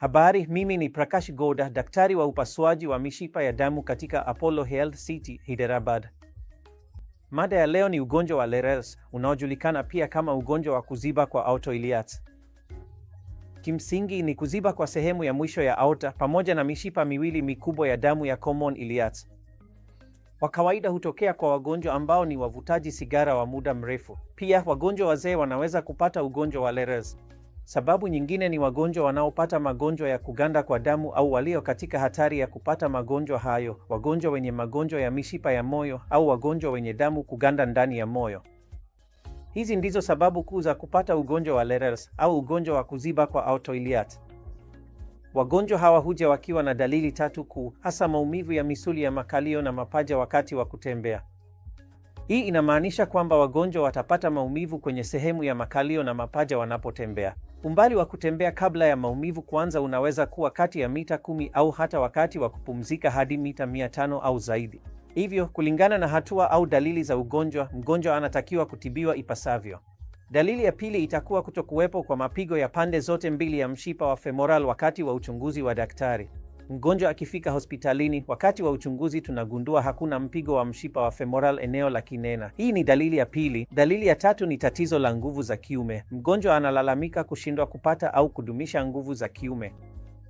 Habari, mimi ni Prakash Goda, daktari wa upasuaji wa mishipa ya damu katika Apollo Health City, Hyderabad. Mada ya leo ni ugonjwa wa Leros unaojulikana pia kama ugonjwa wa kuziba kwa aorta Kimsingi ni kuziba kwa sehemu ya mwisho ya aorta pamoja na mishipa miwili mikubwa ya damu ya common iliac. Kwa kawaida hutokea kwa wagonjwa ambao ni wavutaji sigara wa muda mrefu. Pia wagonjwa wazee wanaweza kupata ugonjwa wa Leros. Sababu nyingine ni wagonjwa wanaopata magonjwa ya kuganda kwa damu au walio katika hatari ya kupata magonjwa hayo, wagonjwa wenye magonjwa ya mishipa ya moyo au wagonjwa wenye damu kuganda ndani ya moyo. Hizi ndizo sababu kuu za kupata ugonjwa wa Leros au ugonjwa wa kuziba kwa autoiliat. Wagonjwa hawa huja wakiwa na dalili tatu kuu, hasa maumivu ya misuli ya makalio na mapaja wakati wa kutembea. Hii inamaanisha kwamba wagonjwa watapata maumivu kwenye sehemu ya makalio na mapaja wanapotembea. Umbali wa kutembea kabla ya maumivu kuanza unaweza kuwa kati ya mita kumi au hata wakati wa kupumzika hadi mita mia tano au zaidi. Hivyo, kulingana na hatua au dalili za ugonjwa, mgonjwa anatakiwa kutibiwa ipasavyo. Dalili ya pili itakuwa kutokuwepo kwa mapigo ya pande zote mbili ya mshipa wa femoral wakati wa uchunguzi wa daktari. Mgonjwa akifika hospitalini wakati wa uchunguzi, tunagundua hakuna mpigo wa mshipa wa femoral eneo la kinena. Hii ni dalili ya pili. Dalili ya tatu ni tatizo la nguvu za kiume. Mgonjwa analalamika kushindwa kupata au kudumisha nguvu za kiume.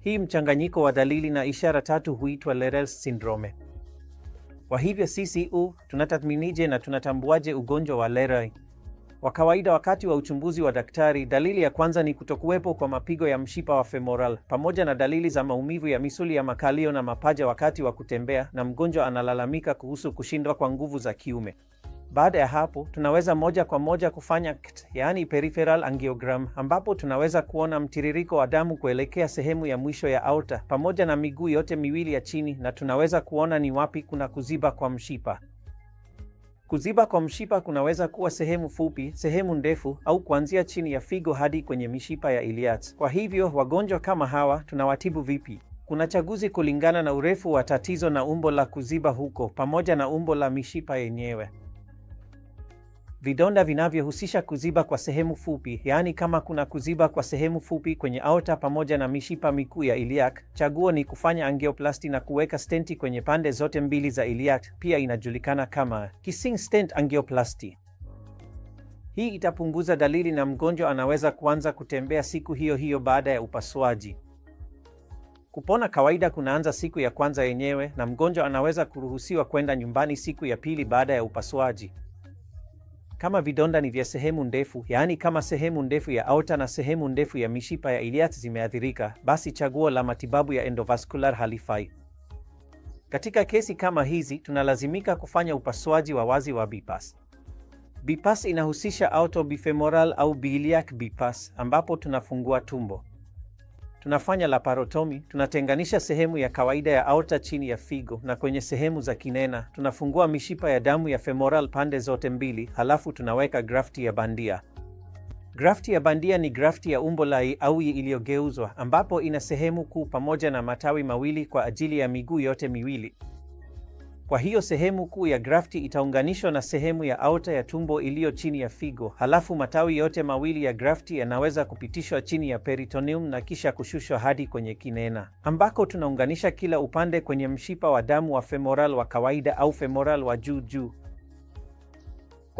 Hii mchanganyiko wa dalili na ishara tatu huitwa Lerels syndrome. Kwa hivyo, CCU tunatathminije na tunatambuaje ugonjwa wa Leroy? wa kawaida wakati wa uchunguzi wa daktari, dalili ya kwanza ni kutokuwepo kwa mapigo ya mshipa wa femoral pamoja na dalili za maumivu ya misuli ya makalio na mapaja wakati wa kutembea, na mgonjwa analalamika kuhusu kushindwa kwa nguvu za kiume. Baada ya hapo tunaweza moja kwa moja kufanya CT, yaani peripheral angiogram, ambapo tunaweza kuona mtiririko wa damu kuelekea sehemu ya mwisho ya aorta pamoja na miguu yote miwili ya chini, na tunaweza kuona ni wapi kuna kuziba kwa mshipa. Kuziba kwa mshipa kunaweza kuwa sehemu fupi, sehemu ndefu au kuanzia chini ya figo hadi kwenye mishipa ya iliac. Kwa hivyo, wagonjwa kama hawa tunawatibu vipi? Kuna chaguzi kulingana na urefu wa tatizo na umbo la kuziba huko pamoja na umbo la mishipa yenyewe. Vidonda vinavyohusisha kuziba kwa sehemu fupi, yaani kama kuna kuziba kwa sehemu fupi kwenye aorta pamoja na mishipa mikuu ya iliac, chaguo ni kufanya angioplasti na kuweka stenti kwenye pande zote mbili za iliac. Pia inajulikana kama kissing stent angioplasti. Hii itapunguza dalili na mgonjwa anaweza kuanza kutembea siku hiyo hiyo baada ya upasuaji. Kupona kawaida kunaanza siku ya kwanza yenyewe na mgonjwa anaweza kuruhusiwa kwenda nyumbani siku ya pili baada ya upasuaji. Kama vidonda ni vya sehemu ndefu, yaani kama sehemu ndefu ya aorta na sehemu ndefu ya mishipa ya iliac zimeathirika, basi chaguo la matibabu ya endovascular halifai. Katika kesi kama hizi, tunalazimika kufanya upasuaji wa wazi wa bypass. Bypass inahusisha aorto bifemoral au biliac bypass ambapo tunafungua tumbo tunafanya laparotomi, tunatenganisha sehemu ya kawaida ya aorta chini ya figo na kwenye sehemu za kinena, tunafungua mishipa ya damu ya femoral pande zote mbili, halafu tunaweka grafti ya bandia. Grafti ya bandia ni grafti ya umbo la I au iliyogeuzwa, ambapo ina sehemu kuu pamoja na matawi mawili kwa ajili ya miguu yote miwili. Kwa hiyo sehemu kuu ya grafti itaunganishwa na sehemu ya aorta ya tumbo iliyo chini ya figo, halafu matawi yote mawili ya grafti yanaweza kupitishwa chini ya peritoneum na kisha kushushwa hadi kwenye kinena, ambako tunaunganisha kila upande kwenye mshipa wa damu wa femoral wa kawaida au femoral wa juu juu.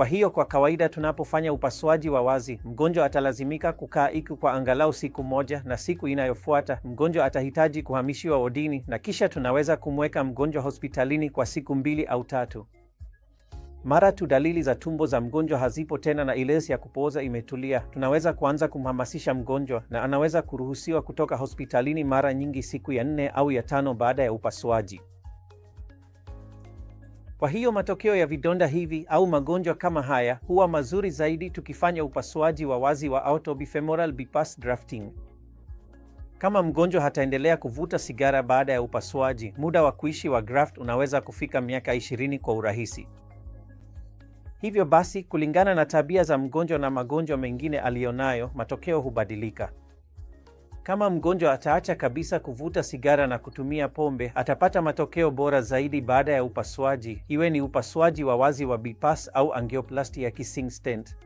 Kwa hiyo kwa kawaida, tunapofanya upasuaji wa wazi, mgonjwa atalazimika kukaa ICU kwa angalau siku moja, na siku inayofuata mgonjwa atahitaji kuhamishiwa wodini, na kisha tunaweza kumweka mgonjwa hospitalini kwa siku mbili au tatu. Mara tu dalili za tumbo za mgonjwa hazipo tena na ilesi ya kupooza imetulia, tunaweza kuanza kumhamasisha mgonjwa na anaweza kuruhusiwa kutoka hospitalini mara nyingi siku ya nne au ya tano baada ya upasuaji. Kwa hiyo matokeo ya vidonda hivi au magonjwa kama haya huwa mazuri zaidi tukifanya upasuaji wa wazi wa autobifemoral bifemoral bypass grafting. Kama mgonjwa hataendelea kuvuta sigara baada ya upasuaji, muda wa kuishi wa graft unaweza kufika miaka 20 kwa urahisi. Hivyo basi, kulingana na tabia za mgonjwa na magonjwa mengine aliyonayo, matokeo hubadilika. Kama mgonjwa ataacha kabisa kuvuta sigara na kutumia pombe, atapata matokeo bora zaidi baada ya upasuaji, iwe ni upasuaji wa wazi wa bypass au angioplasti ya kissing stent.